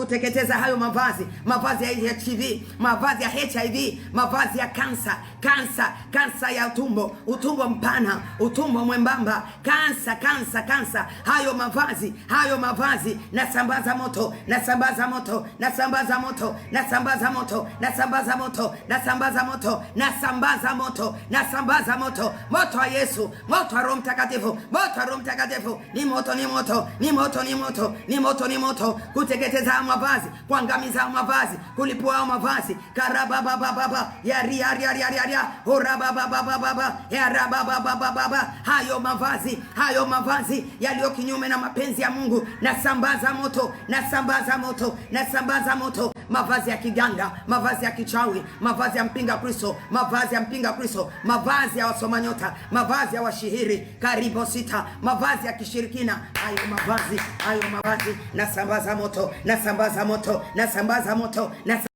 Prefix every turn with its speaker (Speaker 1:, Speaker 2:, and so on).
Speaker 1: kuteketeza hayo mavazi, mavazi ya HIV, mavazi ya HIV, mavazi ya kansa, kansa, kansa ya utumbo, utumbo mpana, utumbo mwembamba, kansa, kansa, kansa. Hayo mavazi, hayo mavazi, nasambaza moto, nasambaza moto, nasambaza moto, nasambaza moto, nasambaza moto, nasambaza moto, nasambaza moto, nasambaza moto, moto wa Yesu, moto wa Roho Mtakatifu, moto wa Roho Mtakatifu. Ni moto, ni moto, ni moto, ni moto, ni moto, ni moto kuteketeza mavazi, kuangamiza hao mavazi, kulipua mavazi karaba baba baba ya ri ri ri ri ri ora baba baba baba ya raba baba baba baba, hayo mavazi hayo mavazi yaliyo kinyume na mapenzi ya Mungu, na sambaza moto, na sambaza moto, na sambaza moto mavazi ya kiganga, mavazi ya kichawi, mavazi ya mpinga Kristo, mavazi ya mpinga Kristo, mavazi ya wasoma nyota, mavazi ya washihiri karibu sita, mavazi ya kishirikina, hayo mavazi, hayo mavazi na sambaza moto, na sambaza nasambaza moto, nasambaza moto, nasambaza